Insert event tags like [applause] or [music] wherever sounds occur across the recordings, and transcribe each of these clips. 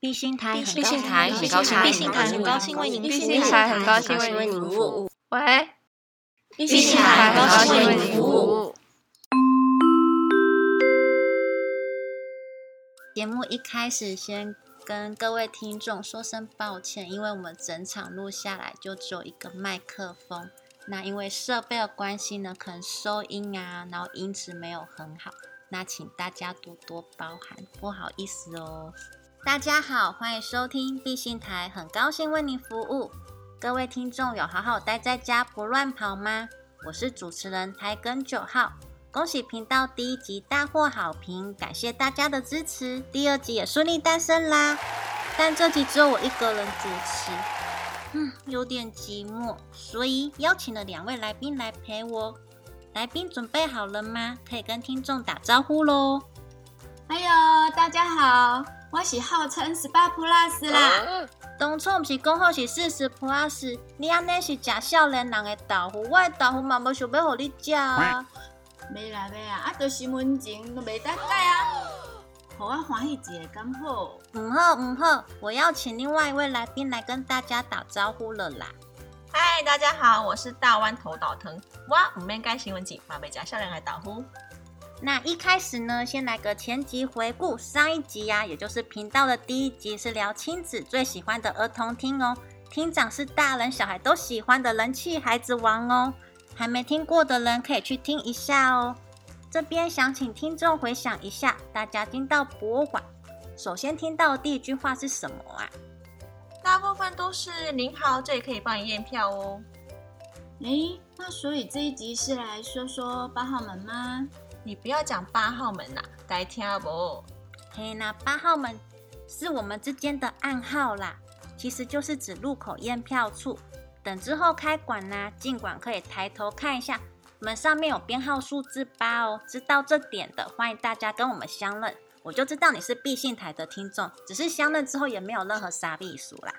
畢星台，畢星台，畢星台，畢星台很高興為您，畢星台很高興為您服務。喂，畢星台很高興為您服務。節目一開始，先跟各位聽眾說聲抱歉，因為我們整場錄下來就只有一個麥克風，那因為設備的關係呢，可能收音啊，然後音質沒有很好，那請大家多多包涵，不好意思哦。大家好，歡迎收聽必信台，很高興為您服務。各位聽眾有好好待在家，不亂跑嗎？我是主持人台根九號，恭喜頻道第一集大獲好評，感謝大家的支持，第二集也順利誕生啦。但這集只有我一個人主持，嗯，有點寂寞，所以邀請了兩位來賓來陪我。來賓準備好了嗎？可以跟聽眾打招呼嘍。哎呦，大家好。我是號稱十八 plus 啦、嗯，當初不是講好是四十 plus，你阿那是假笑臉人的豆腐，我的豆腐嘛無想要你啊新聞都啊，我歡喜一下剛好，唔、嗯、好唔、嗯、好，我要請另外一位來賓來跟大家打招呼了啦，嗨，大家好，我是大灣土豆糖唔新聞嘛笑臉來呼。那一開始呢，先來個前集回顧。上一集呀、啊，也就是頻道的第一集，是聊親子最喜歡的兒童廳哦。廳長是大人小孩都喜歡的人氣孩子王哦。還沒聽過的人可以去聽一下哦。這邊想請聽眾回想一下，大家進到博物館，首先聽到的第一句話是什麼啊？大部分都是“您好，這裡可以幫你驗票哦。欸”哎，那所以這一集是來說說八號門嗎？你不要講八號門啦，改聽不波。嘿，那八號門是我們之間的暗號啦，其實就是指入口驗票處。等之後開館啦、啊，儘管可以抬頭看一下，門上面有編號數字八哦。知道這點的，歡迎大家跟我們相認。我就知道你是必信台的聽眾，只是相認之後也沒有任何殺必熟啦。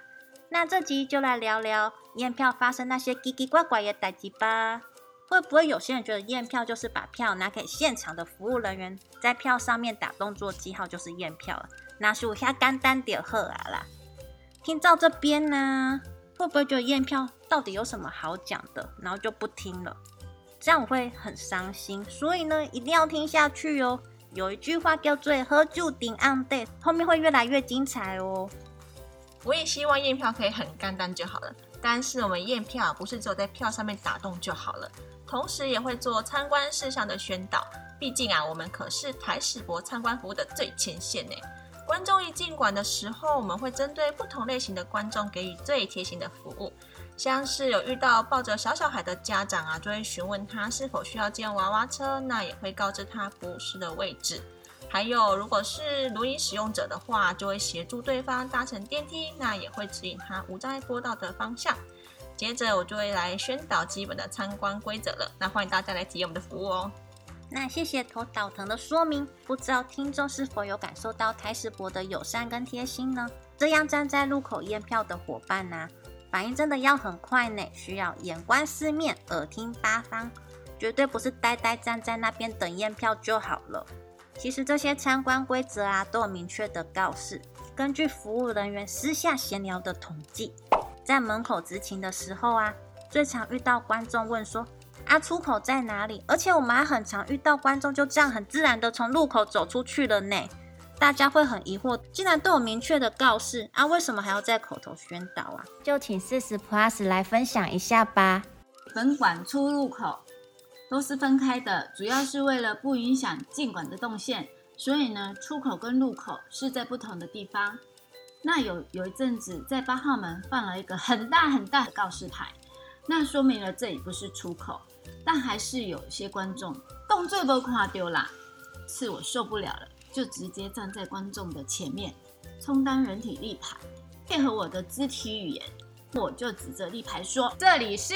那這集就來聊聊驗票發生那些奇奇怪怪的代誌吧。會不會有些人覺得驗票就是把票拿給現場的服務人員，在票上面打洞做記號就是驗票。那那我下簡單點喝啊啦！聽到這邊呢、啊，會不會覺得驗票到底有什麼好講的？然後就不聽了，這樣我會很傷心。所以呢，一定要聽下去哦！有一句話叫做“好酒沉甕底”，後面會越來越精彩哦。我也希望驗票可以很簡單就好了。但是我們驗票不是只有在票上面打洞就好了，同時也會做參觀事項的宣導。畢竟啊，我們可是台史博參觀服務的最前線呢。觀眾一進館的時候，我們會針對不同類型的觀眾給予最貼心的服務，像是有遇到抱着小小孩的家長啊，就會詢問他是否需要借娃娃車，那也會告知他服務室的位置。還有，如果是輪椅使用者的話，就會協助對方搭乘電梯，那也會指引他無障礙坡道的方向。接着我就會來宣導基本的參觀規則了。那歡迎大家來體驗我們的服務哦。那謝謝土豆糖的說明，不知道聽眾是否有感受到臺史博的友善跟貼心呢？這樣站在路口驗票的夥伴呢、啊，反應真的要很快呢，需要眼觀四面，耳聽八方，絕對不是呆呆站在那邊等驗票就好了。其實這些參觀規則啊，都有明確的告示。根據服務人員私下閒聊的統計，在門口執勤的時候啊，最常遇到觀眾問說：“啊，出口在哪裡？”而且我們還、啊、很常遇到觀眾就這樣很自然地從入口走出去了呢。大家會很疑惑，既然都有明確的告示啊，為什麼還要再口頭宣導啊？就請十八 plus 來分享一下吧。本館出入口，都是分開的，主要是為了不影響進館的動線，所以呢，出口跟入口是在不同的地方。那有有一陣子在八號門放了一個很大很大的告示牌，那說明了這裡不是出口，但還是有一些觀眾動作都誇丟啦，是我受不了了，就直接站在觀眾的前面，充當人體立牌，配合我的肢體語言，我就指着立牌說：“這裡是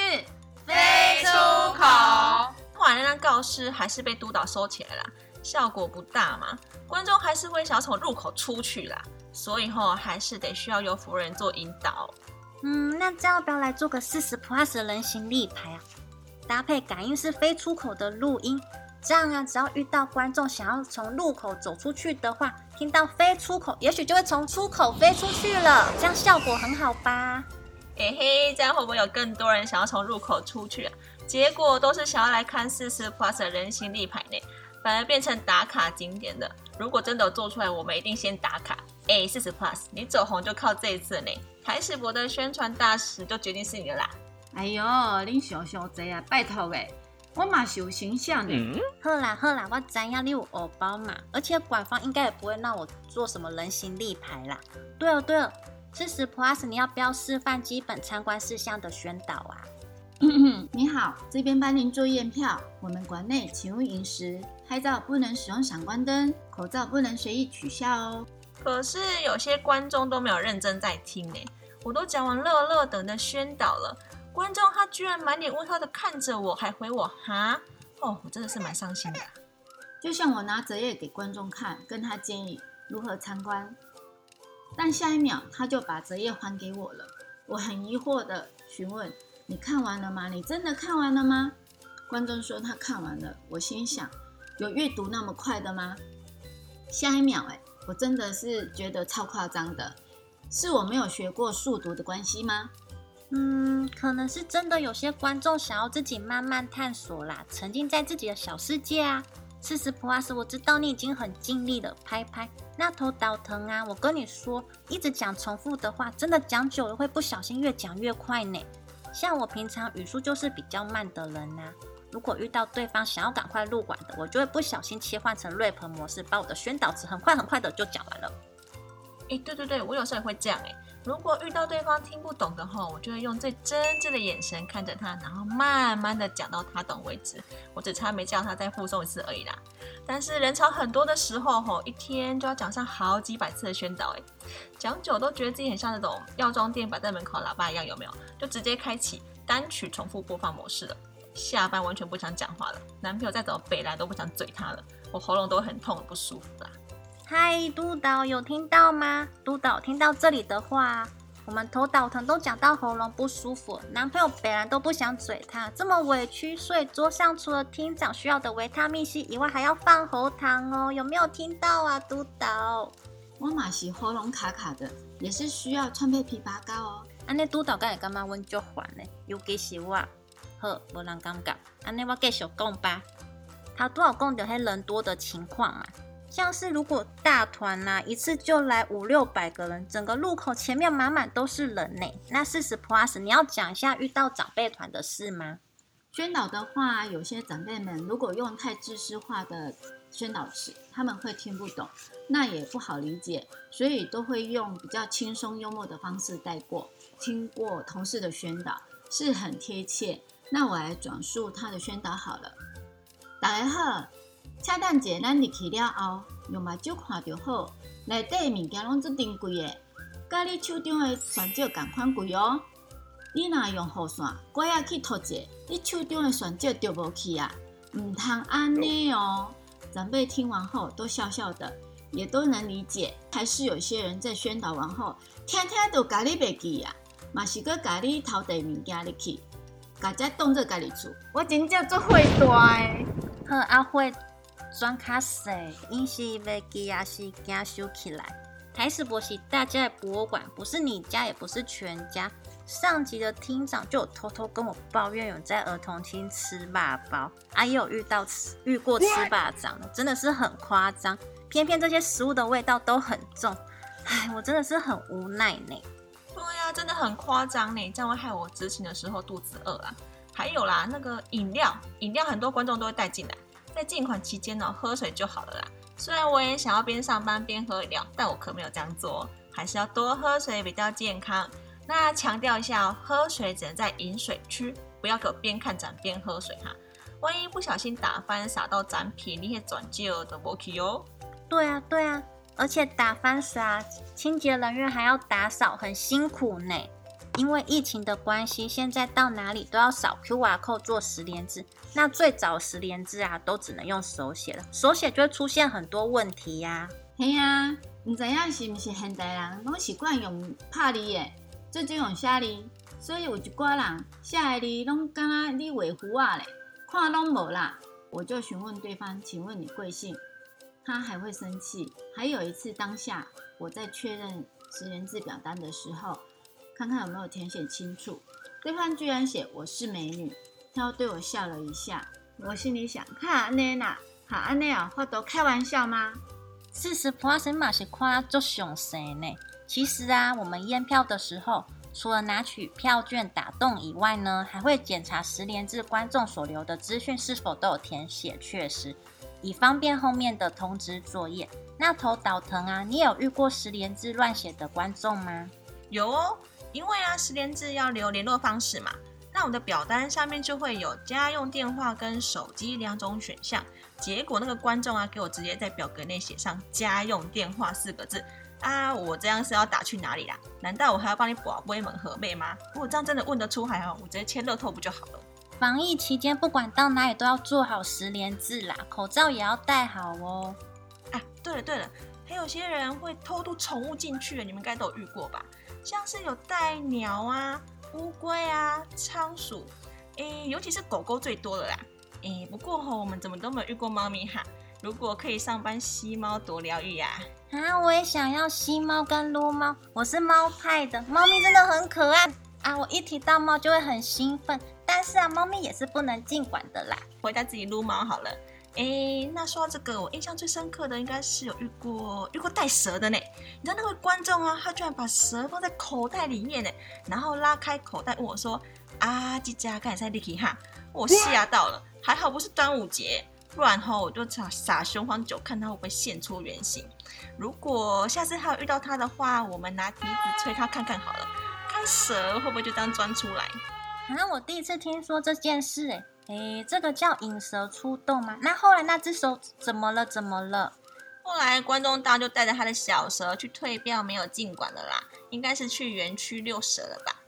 非出口。”那張、個、告示還是被督導收起來了，效果不大嘛。觀眾還是會想從入口出去啦，所以吼還是得需要由服人做引導。嗯，那這樣要不要來做個四十 plus 的人形立牌啊？搭配感應式非出口的錄音，這樣啊，只要遇到觀眾想要從入口走出去的話，聽到非出口，也許就會從出口飛出去了。這樣效果很好吧？哎、欸、嘿，這樣會不會有更多人想要從入口出去啊？結果都是想要來看十八 plus 的人形立牌呢，反而變成打卡景點的。如果真的有做出來，我們一定先打卡。哎、欸，十八 plus，你走紅就靠這一次呢。台史博的宣傳大使就決定是你啦。哎呦，你小小賊啊，拜托喂，我嘛有形象呢、嗯。好啦好啦，我真要你有偶包嘛，而且官方應該也不會讓我做什麼人形立牌啦。對哦對哦，十八 plus，你要不要示範基本參觀事項的宣導啊？ [noise] 你好，這邊幫您做驗票。我們館內請勿飲食，拍照不能使用閃光燈，口罩不能隨意取下哦。可是有些觀眾都沒有認真在聽呢、欸，我都講完樂樂等的宣導了，觀眾他居然滿臉問號的看着我，還回我哈？哦，我真的是蠻傷心的。就像我拿折頁給觀眾看，跟他建議如何參觀，但下一秒他就把折頁還給我了。我很疑惑的詢問。你看完了嗎？你真的看完了嗎？觀眾說他看完了。我心想，有閱讀那麼快的嗎？下一秒、欸，哎，我真的是覺得超誇張的，是我沒有學過速讀的關係嗎？嗯，可能是真的有些觀眾想要自己慢慢探索啦，沉浸在自己的小世界啊。18 plus，我知道你已經很盡力了，拍拍那頭倒騰啊！我跟你說，一直講重複的話，真的講久了會不小心越講越快呢。像我平常語速就是比較慢的人吶、啊，如果遇到對方想要趕快入館的，我就會不小心切換成 rap 模式，把我的宣導詞很快很快的就講完了。誒，對對對，我有時候也會這樣誒。如果遇到對方聽不懂的話，我就會用最真摯的眼神看着他，然後慢慢的講到他懂為止。我只差沒叫他再複誦一次而已啦。但是人潮很多的時候，吼一天就要講上好幾百次的宣導、欸，哎，講久都覺得自己很像那種藥妝店擺在門口喇叭一樣，有沒有？就直接開啟單曲重複播放模式了。下班完全不想講話了，男朋友再怎麼北來都不想嘴他了，我喉嚨都很痛不舒服啦。嗨，督導有聽到嗎？督導聽到這裡的話，我們頭倒疼，都講到喉嚨不舒服。男朋友本來都不想嘴他，這麼委屈，所以桌上除了聽講需要的維他命 C 以外，還要放喉糖哦。有沒有聽到啊，督導？我嘛是喉嚨卡卡的，也是需要川貝枇杷膏哦。安尼督導該幹嘛？我足煩嘞，尤其是我，好，無人講講，那我繼續講吧。好多小工就是人多的情況啊。像是如果大團啦、啊，一次就來五六百個人，整個路口前面滿滿都是人呢、欸。那四十 plus，你要講一下遇到長輩團的事嗎？宣導的話，有些長輩們如果用太知識化的宣導詞，他們會聽不懂，那也不好理解，所以都會用比較輕鬆幽默的方式帶過。聽過同事的宣導是很貼切，那我來轉述他的宣導好了。打雷鶴。恰當者，咱入去了後，用目睭看著好，內底物件攏做真貴的，甲你手中的鑽石同款貴哦。你若用雨傘，我也去摕者，你手中的鑽石就無去啊，毋通安尼哦。長輩聽完後都笑笑的，也都能理解。還是有些人在宣導完後，聽聽都咖喱袂記啊。嘛是閣咖喱偷袋物件入去，大家當做家己厝。我真正做會衰、欸，哼，阿輝。裝開西，因是為給亞西家修起來。臺史博是大家的博物館，不是你家，也不是全家。上級的廳長就有偷偷跟我抱怨，有在兒童廳吃霸包。哎呦，遇到吃遇過吃霸掌，真的是很誇張。偏偏這些食物的味道都很重，哎，我真的是很無奈呢。對呀、啊，真的很誇張呢，這樣會害我執勤的時候肚子餓啊。還有啦，那個飲料，飲料很多觀眾都會帶進來。在進館期間呢、哦，喝水就好了啦。雖然我也想要邊上班邊喝飲料，但我可沒有這樣做、哦，還是要多喝水比較健康。那強調一下、哦、喝水只能在飲水區，不要可我邊看展邊喝水哈，萬一不小心打翻，灑到展品，你也轉借額都不起喲。對啊，對啊，而且打翻灑、啊，清潔人員還要打掃，很辛苦呢、欸。因為疫情的關係，現在到哪裡都要掃 QR code 做實聯制。那最早實聯制啊，都只能用手寫了，手寫就會出現很多問題呀、啊。嘿呀、啊，唔知樣是唔是現代人攏習慣用打字耶這就用寫字，所以有一掛人寫字攏敢啊，你尾胡啊咧，看攏無啦。我就詢問對方，請問你貴姓？他還會生氣。還有一次，當下我在確認實聯制表單的時候，看看有沒有填寫清楚。對方居然寫“我是美女”，他又對我笑了一下。我心裡想：“看安娜，好安娜，會、喔、都開玩笑嗎？”18 PLUS，神馬是誇作熊神呢？其實啊，我們驗票的時候，除了拿取票券打洞以外呢，還會檢查實聯制觀眾所留的資訊是否都有填寫確實，以方便後面的通知作業。那土豆糖啊，你有遇過實聯制亂寫的觀眾嗎？有哦。因為啊，實聯制要留聯絡方式嘛，那我的表單上面就會有家用電話跟手機兩種選項。結果那個觀眾啊，給我直接在表格內寫上家用電話四個字啊，我這樣是要打去哪裡啦？難道我還要幫你擲筊問明牌嗎？如果這樣真的問得出還好，我直接簽樂透不就好了？防疫期間，不管到哪裡都要做好實聯制啦，口罩也要戴好哦。啊，對了對了，還有些人會偷渡寵物進去的，你們應該都有遇過吧？像是有袋鳥啊、烏龜啊、倉鼠、欸，尤其是狗狗最多的啦，欸、不過、哦、我們怎麼都沒有遇過貓咪哈。如果可以上班吸貓多療癒呀！啊，我也想要吸貓跟擼貓，我是貓派的，貓咪真的很可愛啊！我一提到貓就會很興奮，但是啊，貓咪也是不能進館的啦，回家自己擼貓好了。哎、欸，那說到這個，我印象最深刻的應該是有遇過遇過帶蛇的呢。你知道那位觀眾啊，他居然把蛇放在口袋裡面呢，然後拉開口袋問我說：“啊，這家剛才在 l 奇哈？”我嚇到了，還好不是端午節，不然後我就撒撒雄黃酒，看他會不會現出原形。如果下次還有遇到他的話，我們拿笛子吹他看看好了，看蛇會不會就當鑽出來。反、啊、正我第一次聽說這件事、欸，哎。欸、這個叫引蛇出洞嗎？那後來那隻蛇怎麼了？怎麼了？後來觀眾當就帶着他的小蛇去退票，沒有進館了啦，應該是去園區遛蛇了吧？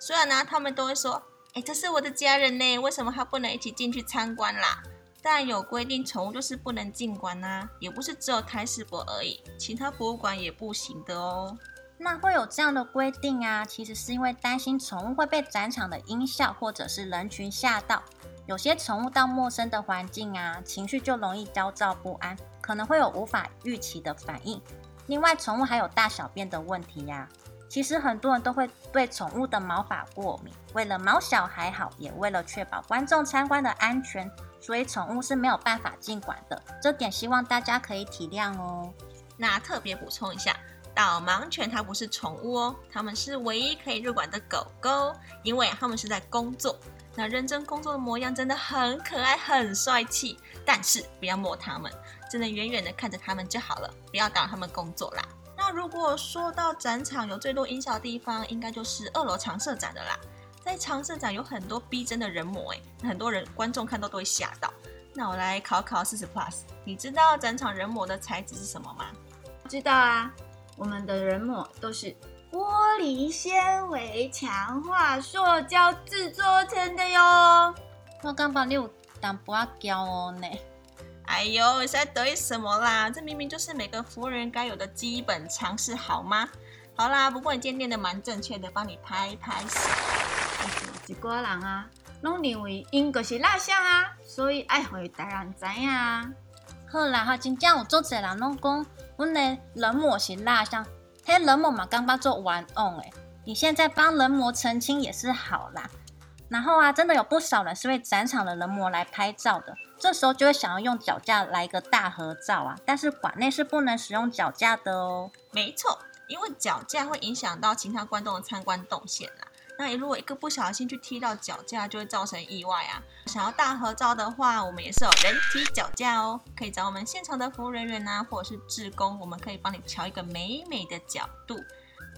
雖然呢、啊，他們都會說，哎、欸，這是我的家人呢、欸，為什麼他不能一起進去參觀啦？但有規定，寵物就是不能進館啊，也不是只有臺史博而已，其他博物館也不行的哦。那會有這樣的規定啊？其實是因為擔心寵物會被展場的音效或者是人群嚇到。有些寵物到陌生的環境啊，情緒就容易焦躁不安，可能會有無法預期的反應。另外，寵物還有大小便的問題呀、啊。其實很多人都會對寵物的毛髮過敏，為了毛小孩好，也為了確保觀眾參觀的安全，所以寵物是沒有辦法進館的。這點希望大家可以體諒哦。那特別補充一下，導盲犬它不是寵物哦，它們是唯一可以入館的狗狗，因為它們是在工作。那認真工作的模樣真的很可愛、很帥氣，但是不要摸他們，只能遠遠的看着他們就好了，不要打擾他們工作啦。那如果說到展場有最多音效的地方，應該就是二樓常設展的啦。在常設展有很多逼真的人模、欸，很多人觀眾看到都會嚇到。那我來考考18 plus，你知道展場人模的材質是什麼嗎？知道啊，我們的人模都是。玻璃纖維強化塑膠製作成的喲。我剛把你打玻璃膠呢。哎呦，你在得意什麼啦？這明明就是每個服務人該有的基本常識，嘗試好嗎？好啦，不過你今天練得蠻正確的，幫你拍一拍。一掛人啊，攏認為英國是蠟像啊，所以愛會大人知。好啦，哈，今天我組織的人講，我們的冷模是蠟像。嘿，人模嘛，剛剛做完哦。哎，你現在幫人模澄清也是好啦。然後啊，真的有不少人是為展場的人模來拍照的，這時候就會想要用腳架來一個大合照啊。但是館內是不能使用腳架的哦。沒錯，因為腳架會影響到其他觀眾的參觀動線啦、啊。那如果一個不小心去踢到腳架，就會造成意外啊！想要大合照的話，我們也是有人體腳架哦，可以找我們現場的服務人員啊，或者是志工，我們可以幫你調一個美美的角度。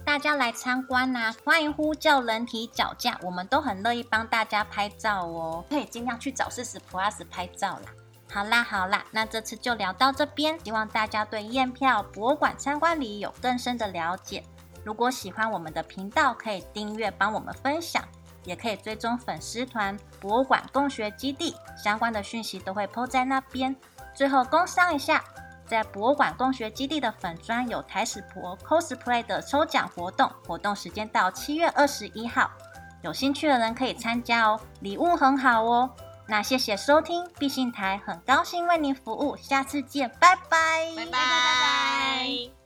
大家來參觀啦、啊！歡迎呼叫人體腳架，我們都很樂意幫大家拍照哦，可以盡量去找十八 plus 拍照啦。好啦好啦，那這次就聊到這邊，希望大家對驗票博物館參觀裡有更深的了解。如果喜歡我們的頻道，可以訂閱幫我們分享，也可以追蹤粉絲團博物館共學基地相關的訊息都會 PO 在那邊。最後，工商一下，在博物館共學基地的粉專有臺史博 cosplay 的抽獎活動，活動時間到七月二十一號，有興趣的人可以參加哦，禮物很好哦。那謝謝收聽，畢信台很高興為您服務，下次見，拜拜，拜拜。拜拜。